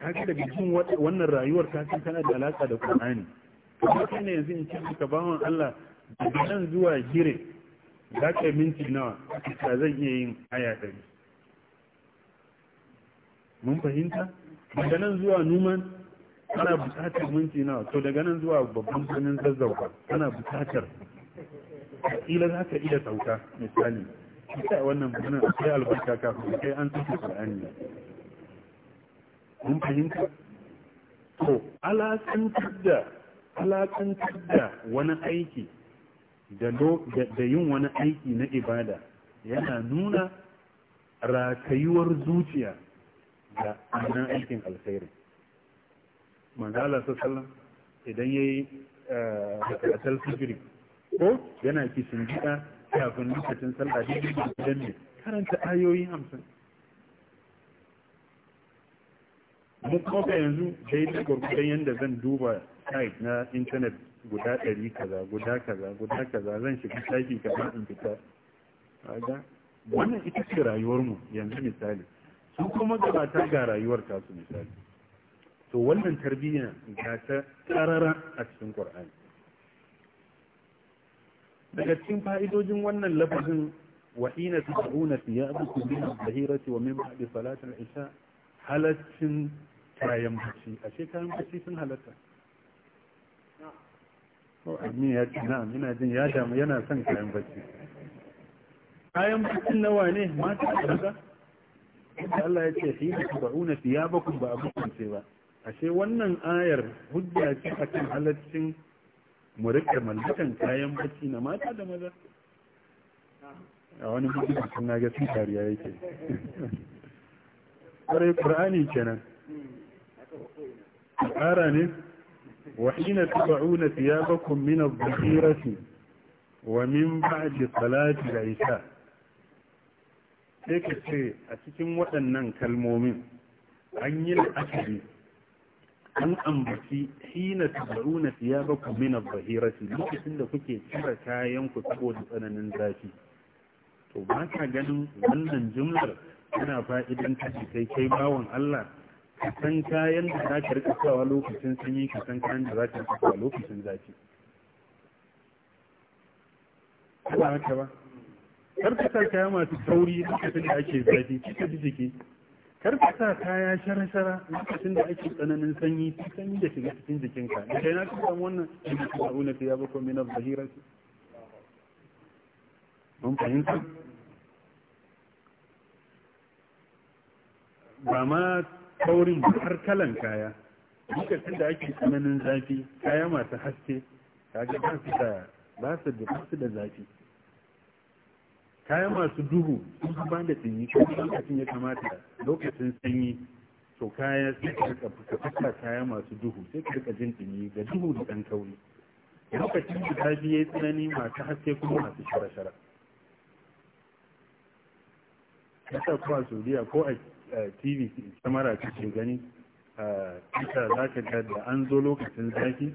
ga daga cikin wannan rayuwar ta san tana da alaƙa da ƙur'ani. kuma kai ne yanzu in ci ka wani Allah daga nan zuwa gire za ka minti nawa ka zan iya yin aya ɗari mun fahimta daga nan zuwa numan ana buƙatar minti nawa to daga nan zuwa babban birnin zazzauka ana buƙatar ƙila za ka iya sauka misali kai wannan maganar akwai albarka kafin kai an saki qur'ani mun fahimta to alaƙantar da alaƙantar da wani aiki da yin wani aiki na ibada yana nuna rakayuwar zuciya da wannan aikin alkhairi manzala sassalan idan ya yi eh, rakatar sujiri ko yana kishin gida kafin lokacin sallah daidai da gidan mai karanta ayoyi hamsin mu kuma yanzu daidai gwargwadon yadda zan duba site na intanet guda ɗari kaza guda kaza guda kaza zan shiga shafi kaza in fita wannan ita ce rayuwarmu yanzu misali su kuma gabata ga rayuwar tasu misali to wannan tarbiyya ga ta karara a cikin qur'ani daga cikin fa'idojin wannan lafazin wahina tas'una thiyabukum min adh-dhahirati wa min ba'di salati al-isha halaccin kayan bacci ashe kayan bacci sun halatta ko amin ya ce na'am ina jin ya damu yana son kayan bacci kayan bacci nawa ne mata da Allah ya ce hina tas'una thiyabukum ba abukum ce ba ashe wannan ayar hujja ce akan halaccin mu rika mallakan kayan bacci na mata da maza a wani mutum sun na ga sun kariya yake ƙwarai ƙur'ani kenan A ƙara ne na وحين تبعون ثيابكم من الظهيرة ومن بعد صلاة isa. sai ka ce a cikin waɗannan kalmomin an yi la'akari an ambaci hina tabaruna thiyabakum min adh-dhahirati lokacin da kuke cire kayan ku saboda tsananin zafi to ba ka ganin wannan jumlar tana fa'idan ta kai kai bawon Allah ka san kayan da za ka rika sawa lokacin sanyi ka san kayan da za ka rika sawa lokacin zafi ba haka ba kar ka kaya masu tauri lokacin da ake zafi kika ji jiki karka sa kaya shara-shara lokacin da ake tsananin sanyi sanyi da shiga cikin jikinka da kai na kusan wannan wannan inda ka auna ya bako mina az-zahira mun fahimta ba ma taurin har kalan kaya lokacin da ake tsananin zafi kaya masu haske kaga ba su da ba su da zafi kayan masu duhu sun ba da sanyi ko lokacin ya kamata lokacin sanyi to kaya sai ka rika kaya masu duhu sai ka rika jin dumi ga duhu da dan kauri lokacin da ta biye tsanani masu haske kuma masu shara-shara kasa ko a saudiya ko a tv samara kake gani kasa za ka ga da an zo lokacin zaki,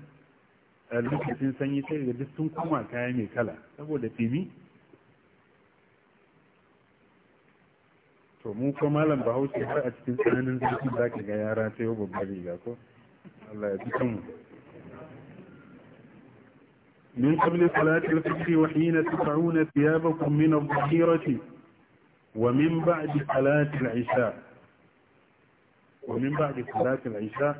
lokacin sanyi sai ga duk sun koma kaya mai kala saboda tv to mu ko malam bahaushe har a cikin tsananin zafi za ka ga yara ta yau babbar riga ko Allah ya ji kanmu من قبل صلاة الفجر وحين تقعون ثيابكم من الظهيرة ومن بعد صلاة العشاء ومن بعد صلاة العشاء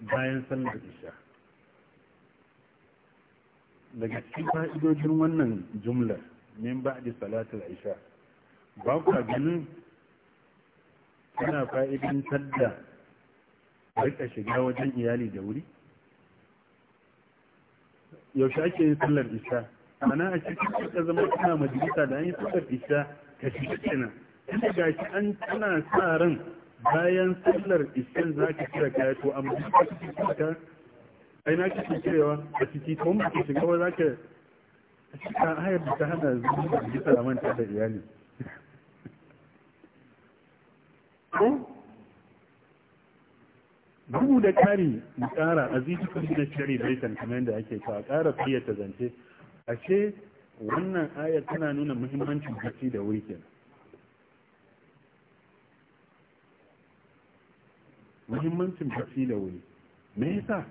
bayan sallar isha daga cikin fa'idojin wannan jumlar min ba'di salatul isha ba ku ganin tana fa'idantar da rika shiga wajen iyali da wuri yaushe ake yin sallar isha ana a cikin ka zama suna majalisa da an yi sallar isha ka shiga kenan inda ga shi an tana sa ran bayan sallar isha za ka kira kaya to amma ka ka ai cikin cirewa a ciki to ba ka shiga ba za ka kan hayar da ta hana zuwa jisa da manta da iyali bugu da kari in kara a zikikun da shari baitan kamar yadda ake kawo kara fiye ta zance ashe wannan ayar tana nuna muhimmancin bacci da wuri kenan muhimmancin bacci da wuri me yasa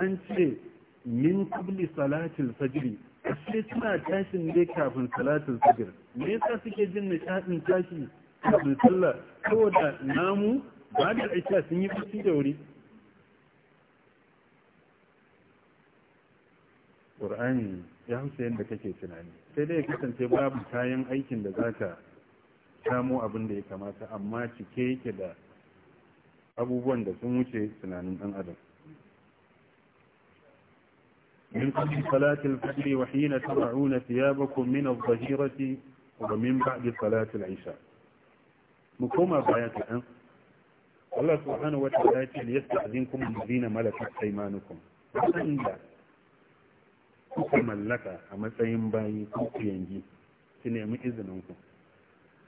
an ce min qabli salatil fajr sai suna tashin ne kafin salatin fajr me yasa suke jin nishadin tashi kafin sallah saboda namu ba da aisha sun yi fushi da wuri ƙur'ani ya hausa yadda kake tunani sai dai ya kasance babu kayan aikin da za ka samo abin da ya kamata amma cike yake da abubuwan da sun wuce tunanin ɗan adam من قبل صلاة الفجر وحين تضعون ثيابكم من الظهيرة ومن بعد صلاة العشاء مكوما بايات الآن الله سبحانه وتعالى ليستأذنكم الذين ملكت أيمانكم وأنت kuka mallaka a matsayin bayi ko ku yangi ki nemi izininku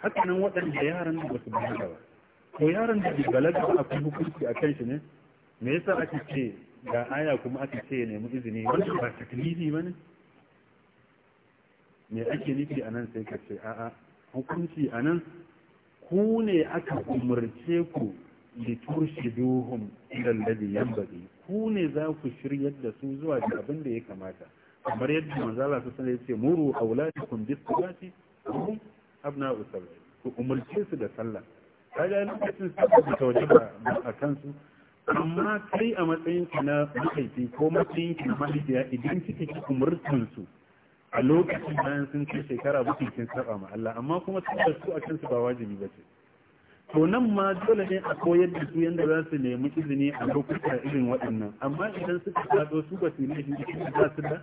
hakanan waɗanda yaran da basu balaga ba ko yaran da bai balaga ba akwai hukunci a kan shi ne me yasa ake ce ga aya kuma aka ce ya nemi izini Wani ba taklifi ba ne me ake nufi a nan sai ka ce a'a hukunci a nan ku ne aka umarce ku idan ila yan bade? ku ne za ku shiryar da su zuwa da abin da ya kamata kamar yadda manzala su sanar yace muru aulatukum bis salati hum abna'u sab'i ku umarce su da sallah kaga lokacin sallah ta wajaba a kansu amma kai a matsayinka na mahaifi ko matsayinka na mahaifiya idan kika ki umurtansu a lokacin bayan sun kai shekara bakin kin saba ma Allah amma kuma tabbas su a kansu ba wajibi ba ce to nan ma dole ne a koyar da su yanda za su nemi izini a lokacin irin waɗannan amma idan suka tsado su ba su ne shi za su da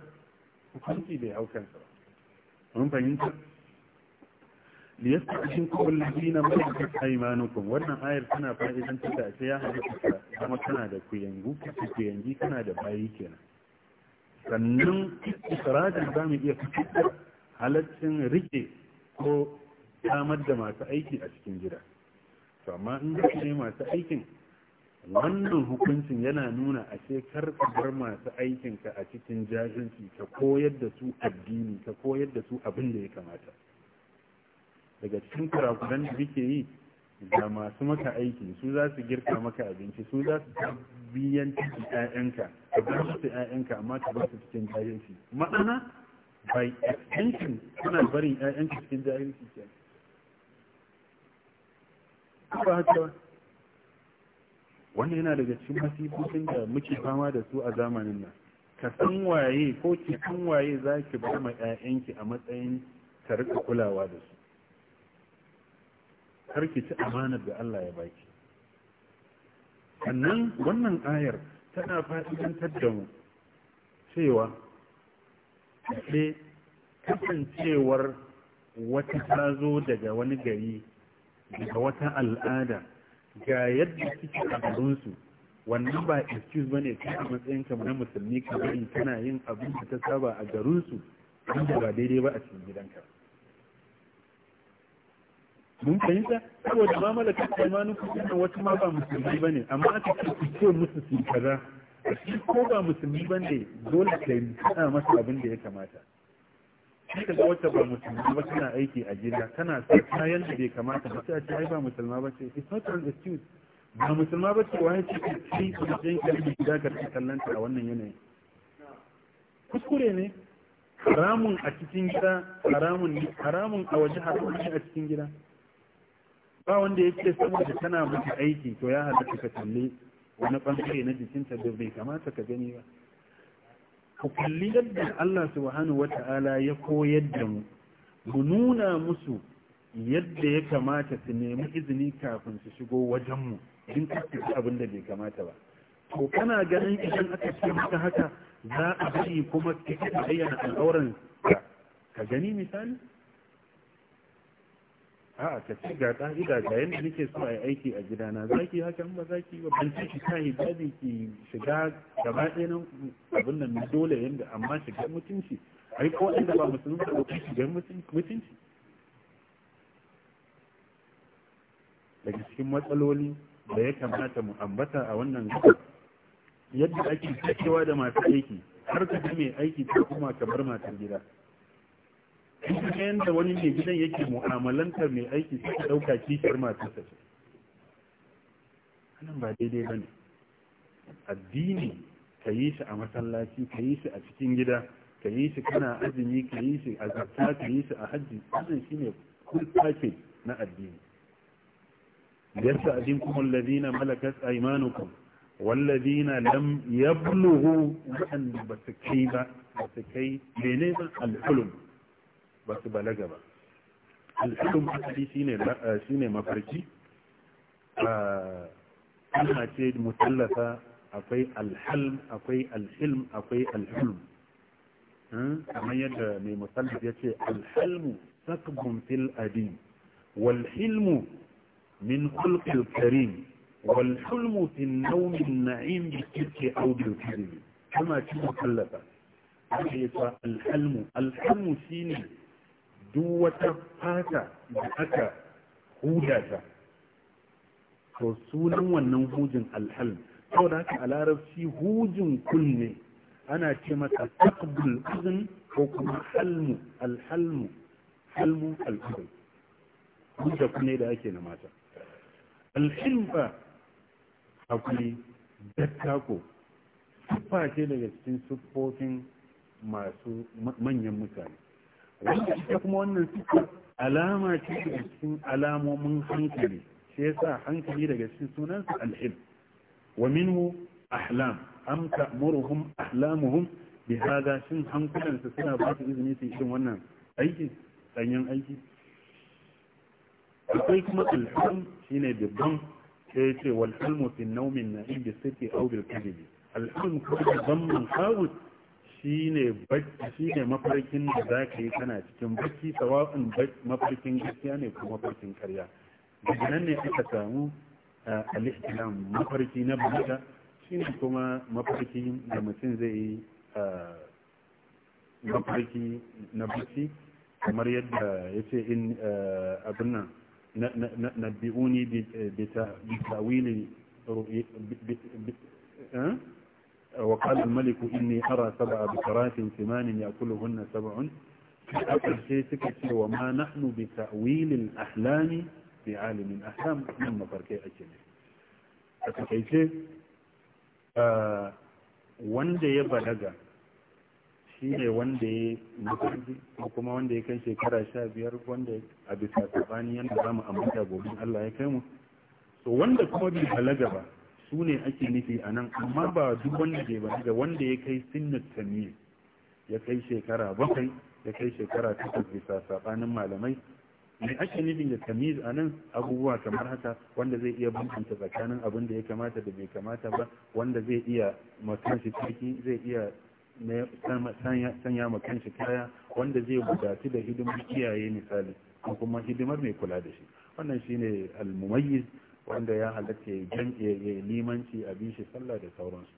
hukunci bai hau kansa ba mun fahimta ليستأذنكم الذين ملكت أيمانكم wannan ayar tana fa'idan ta da sai ya halitta kuma tana da kuyangu kuyangi tana da bayi kenan sannan za zamu iya fitar halaccin rike ko samar da masu aiki a cikin gida to amma in ne masu aikin wannan hukuncin yana nuna a shekar bar masu aikinka a cikin jahilci ka koyar da su addini ka koyar da su abin da ya kamata daga cikin kurakuran da muke yi da masu maka aiki su za su girka maka abinci su za su biyan cikin ƴaƴanka ka ba su ƴaƴanka amma ka ba su cikin jahilci ma'ana by extension kana barin ƴaƴanka cikin jahilci ke ba haka wannan yana daga cikin masifofin da muke fama da su a zamanin nan ka san waye ko ki san waye za ki ba ma ƴaƴanki a matsayin ka rika kulawa da su har ki ci amanar da Allah ya baki annan wannan ayar tana fa'idantar da mu cewa kaɗe kasancewar wata ta zo daga wani gari daga wata al'ada ga yadda suke a wannan ba excuse ba ne kai a matsayin kamar na musulmi kamar in kana yin abin da ta saba a garinsu da ba daidai ba a cikin gidanka mun fahimta saboda ma malaka imanin ku kuma wata ma ba musulmi bane amma aka ce ku ce musu su kaza shi ko ba musulmi bane dole ka yi masa abin da ya kamata sai ka ga wata ba musulmi ba tana aiki a gida tana sa kayan da bai kamata ba sai a ce ai ba musulma ba ce it's not an excuse ba musulma ba ce wani ce ka ci a matsayin kalmi guda ka ta kallanta a wannan yanayin. kuskure ne haramun a cikin gida haramun a waje haramun a cikin gida ba wanda ya ce saboda tana miki aiki to ya halatta ka kalli wani bangare na jikinta da bai kamata ka gani ba ku kalli yadda Allah subhanahu wata'ala ya koyar da mu mu nuna musu yadda ya kamata su nemi izini kafin su shigo wajenmu in kakkaci abin da bai kamata ba to kana ganin idan aka ce maka haka za a bari kuma ka bayyana al'auran ka gani misali a'a ka ce ga ka'ida ga yadda nake so a yi aiki a gidana zaki zaki haka ba za ba ban shi ta hijabi ki shiga gaba ɗaya nan abin nan dole yadda amma shiga mutunci a yi kawai ba musulmi ba ko shiga mutunci daga cikin matsaloli da ya kamata mu ambata a wannan gaba yadda ake cewa da masu aiki har ka ji mai aiki ta kuma bar matar gida in yanda wani mai gidan yake mu'amalantar mai aiki suka ɗauka dauka kishiyar masu ce nan ba daidai ba ne. addini ka yi shi a masallaci ka yi shi a cikin gida ka yi shi kana azumi ka yi shi a zarta ka yi shi a hajji wannan shine ne package na addini Malakas يستأذنكم wa'anda ba su kai ba ba su kai بسكي ba الحلم ba su balaga ba al'adun asali eh, shi ne mafarki ah, ana ce mutallasa akwai alhalm akwai alhilm akwai alhulm hmm, kamar yadda mai musallaf ya ce alhalmu sakbun fil duk wata fata da aka huda ta to sunan wannan hujin alhal da haka a larabci hujin kunne ana ce mata taqbul uzun ko kuma halmu alhalmu halmu alhal hujja kunne da ake na mata alhilfa akwai dattako siffa ce daga cikin siffofin masu manyan mutane wanda ita kuma wannan sifar alama ce daga cikin alamomin hankali shi yasa hankali daga cikin sunansa alhib wa minhu ahlam am ta'muruhum ahlamuhum bi hada shin hankulan su suna ba su izini su yi wannan aiki danyen aiki akwai kuma alhulm shine babban sai ya ce wal hulmu fi naumin na'im bi sirri aw bil kadhib alhulm kuma babban manhawus shi ne mafarkin da za ka yi kana cikin bacci sawa'un mafarkin gaskiya ne ko mafarkin karya daga nan ne aka samu alihtilam mafarki na balaga shi ne kuma mafarki da mutum zai yi mafarki na bacci kamar yadda ya ce in abin nan na bi'uni bi tawili وقال الملك إني أرى سبع بكرات ثمان يأكلهن سبع أكل شيء سكت وما نحن بتأويل الأحلام بعالم الأحلام من مفركي أجل أكل شيء wanda ya balaga shi ne wanda ya mutunci ko kuma wanda ya kai shekara sha biyar wanda a bisa tsabani yadda za mu ambata gobin Allah ya kai mu so wanda kuma bai balaga ba su ne ake nufi a nan amma ba duk wanda ke bari da wanda ya kai sinnat tamir ya kai shekara bakwai ya kai shekara takwas bisa sabanin malamai mai ake nufin da tamiz a nan abubuwa kamar haka wanda zai iya bambanta tsakanin abin da ya kamata da bai kamata ba wanda zai iya makan shi kirki zai iya sanya makan shi kaya wanda zai buƙaci da hidimar kiyaye misali ko kuma hidimar mai kula da shi wannan shine al-mumayyiz wanda ya halatta ya yi limanci a bishi sallah da sauransu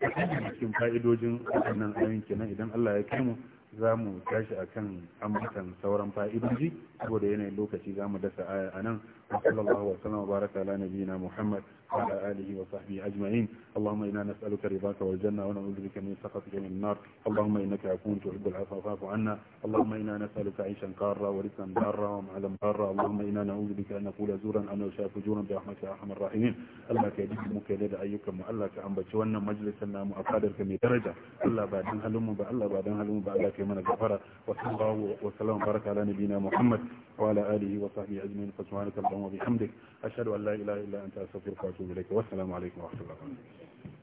a cikin fa'idojin waɗannan ayoyin kenan idan Allah ya kai mu za mu tashi a kan ambatan sauran fa'idoji saboda yanayin lokaci za mu dasa a nan وصلى الله وسلم وبارك على نبينا محمد وعلى آله وصحبه أجمعين اللهم إنا نسألك رضاك والجنة ونعوذ بك من سخطك من النار اللهم إنك عفو تحب العفو فاعف عنا اللهم إنا نسألك عيشا قارا ورثا بارا ومعلا بارا اللهم إنا نعوذ بك أن نقول زورا أو نشاء فجورا برحمتك يا أرحم الراحمين اللهم كيدك مكيدد أيك مؤلك كأنبت وأن مجلسا نام أقادر كم درجة بعد بعدين هلم بعد بعدين هلم الله من غفر وصلى الله وسلم وبارك على نبينا محمد وعلى آله وصحبه أجمعين فسبحانك اللهم وبحمدك أشهد أن لا إله إلا أنت أستغفرك وأتوب إليك والسلام عليكم ورحمة الله وبركاته